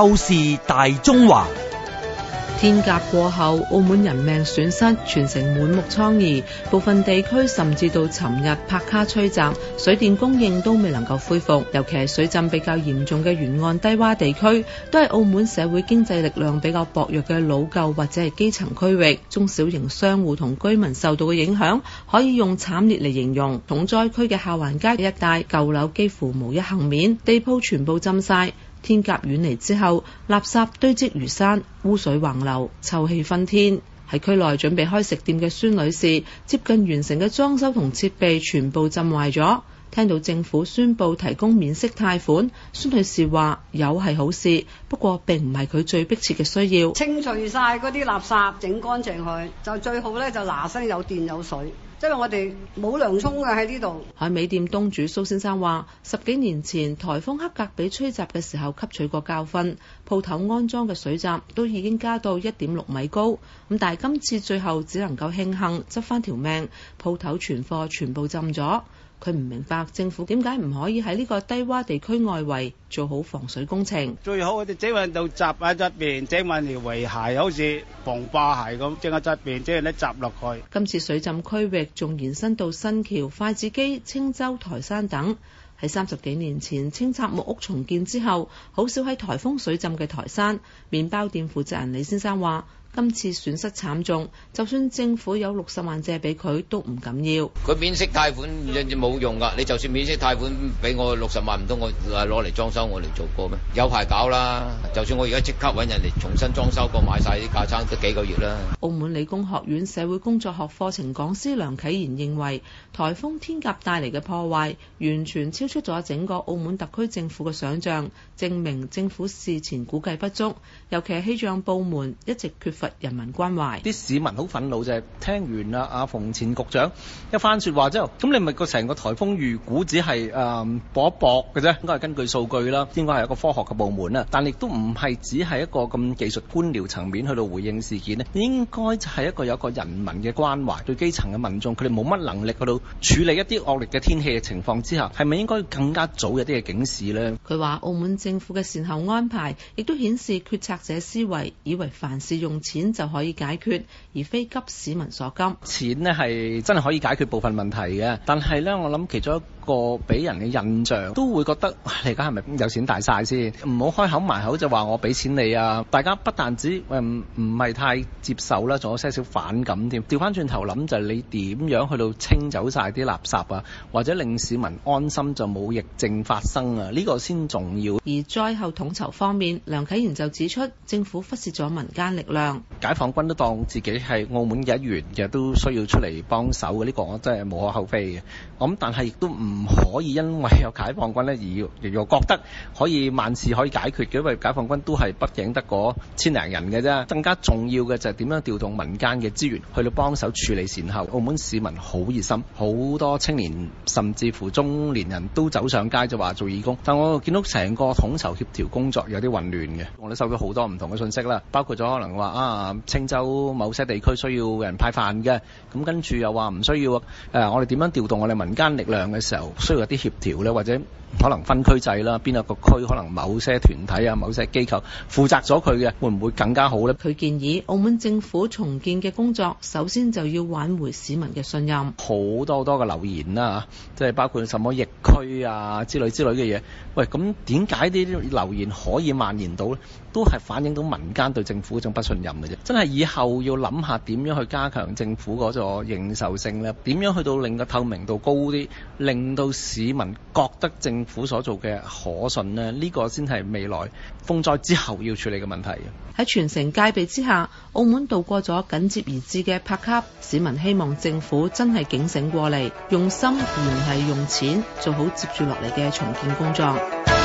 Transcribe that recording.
都是大中華。天鴿過後，澳門人命損失，全城滿目瘡痍，部分地區甚至到尋日帕卡吹襲，水電供應都未能夠恢復。尤其係水浸比較嚴重嘅沿岸低洼地區，都係澳門社會經濟力量比較薄弱嘅老舊或者係基層區域，中小型商戶同居民受到嘅影響可以用慘烈嚟形容。重災區嘅下環街一帶，舊樓幾乎無一幸免，地鋪全部浸晒。天鴿遠離之後，垃圾堆積如山，污水橫流，臭氣熏天。喺區內準備開食店嘅孫女士，接近完成嘅裝修同設備全部浸壞咗。聽到政府宣布提供免息貸款，孫女士話有係好事，不過並唔係佢最迫切嘅需要。清除晒嗰啲垃圾，整乾淨佢，就最好咧，就嗱聲有電有水。即係我哋冇涼衝嘅喺呢度。海味店東主蘇先生話，十幾年前颱風黑格比吹襲嘅時候吸取過教訓，鋪頭安裝嘅水閘都已經加到一點六米高。咁但係今次最後只能夠慶幸執翻條命，鋪頭存貨全部浸咗。佢唔明白政府點解唔可以喺呢個低洼地區外圍做好防水工程。最好我哋整埋道閘喺側邊，整埋條圍鞋，好似防化鞋咁，整喺側邊，即係咧閘落去。今次水浸區域仲延伸到新橋、筷子基、青洲、台山等。喺三十幾年前清拆木屋重建之後，好少喺颱風水浸嘅台山。麵包店負責人李先生話。今次損失慘重，就算政府有六十萬借俾佢都唔敢要。佢免息貸款有冇用㗎？你就算免息貸款俾我六十萬，唔通我攞嚟裝修我嚟做過咩？有排搞啦！就算我而家即刻揾人哋重新裝修過買晒啲架撐都幾個月啦。澳門理工學院社會工作學課程講師梁啟賢認為，颱風天鴿帶嚟嘅破壞完全超出咗整個澳門特區政府嘅想象，證明政府事前估計不足，尤其係氣象部門一直缺乏，人民關懷，啲市民好憤怒，就係聽完啦，阿馮前局長一番説話之後，咁你咪個成個颱風預估只係誒薄薄嘅啫，應該係根據數據啦，應該係一個科學嘅部門啦。但亦都唔係只係一個咁技術官僚層面去到回應事件呢，應該係一個有一個人民嘅關懷，對基層嘅民眾，佢哋冇乜能力去到處理一啲惡劣嘅天氣嘅情況之下，係咪應該更加早一啲嘅警示呢？佢話：澳門政府嘅善後安排亦都顯示決策者思維以為凡事用錢就可以解決，而非急市民所急。錢呢係真係可以解決部分問題嘅，但係呢，我諗其中一個俾人嘅印象，都會覺得、哎、你而家係咪有錢大晒先？唔好開口埋口就話我俾錢你啊！大家不但止唔係太接受啦，仲有些少反感添。調翻轉頭諗就係、是、你點樣去到清走晒啲垃圾啊，或者令市民安心就冇疫症發生啊？呢、這個先重要。而災後統籌方面，梁啟賢就指出，政府忽視咗民間力量。解放軍都當自己係澳門嘅一員，亦都需要出嚟幫手嘅，呢個我真係無可厚非嘅。咁但係亦都唔可以因為有解放軍咧而又覺得可以萬事可以解決嘅，因為解放軍都係畢竟得嗰千零人嘅啫。更加重要嘅就係點樣調動民間嘅資源去到幫手處理善後。澳門市民好熱心，好多青年甚至乎中年人都走上街就話做義工。但我見到成個統籌協調工作有啲混亂嘅，我都收到好多唔同嘅信息啦，包括咗可能話啊。啊！青洲某些地區需要人派飯嘅，咁跟住又話唔需要誒，我哋點樣調動我哋民間力量嘅時候，需要一啲協調咧，或者可能分區制啦，邊有個區可能某些團體啊、某些機構負責咗佢嘅，會唔會更加好咧？佢建議澳門政府重建嘅工作，首先就要挽回市民嘅信任。好多好多嘅流言啦，即係包括什麼疫區啊之類之類嘅嘢。喂，咁點解呢啲流言可以蔓延到咧？都係反映到民間對政府一種不信任。真係以後要諗下點樣去加強政府嗰個認受性呢，點樣去到令個透明度高啲，令到市民覺得政府所做嘅可信呢呢、呢個先係未來風災之後要處理嘅問題。喺全城戒備之下，澳門度過咗緊接而至嘅帕卡，市民希望政府真係警醒過嚟，用心而唔係用錢做好接住落嚟嘅重建工作。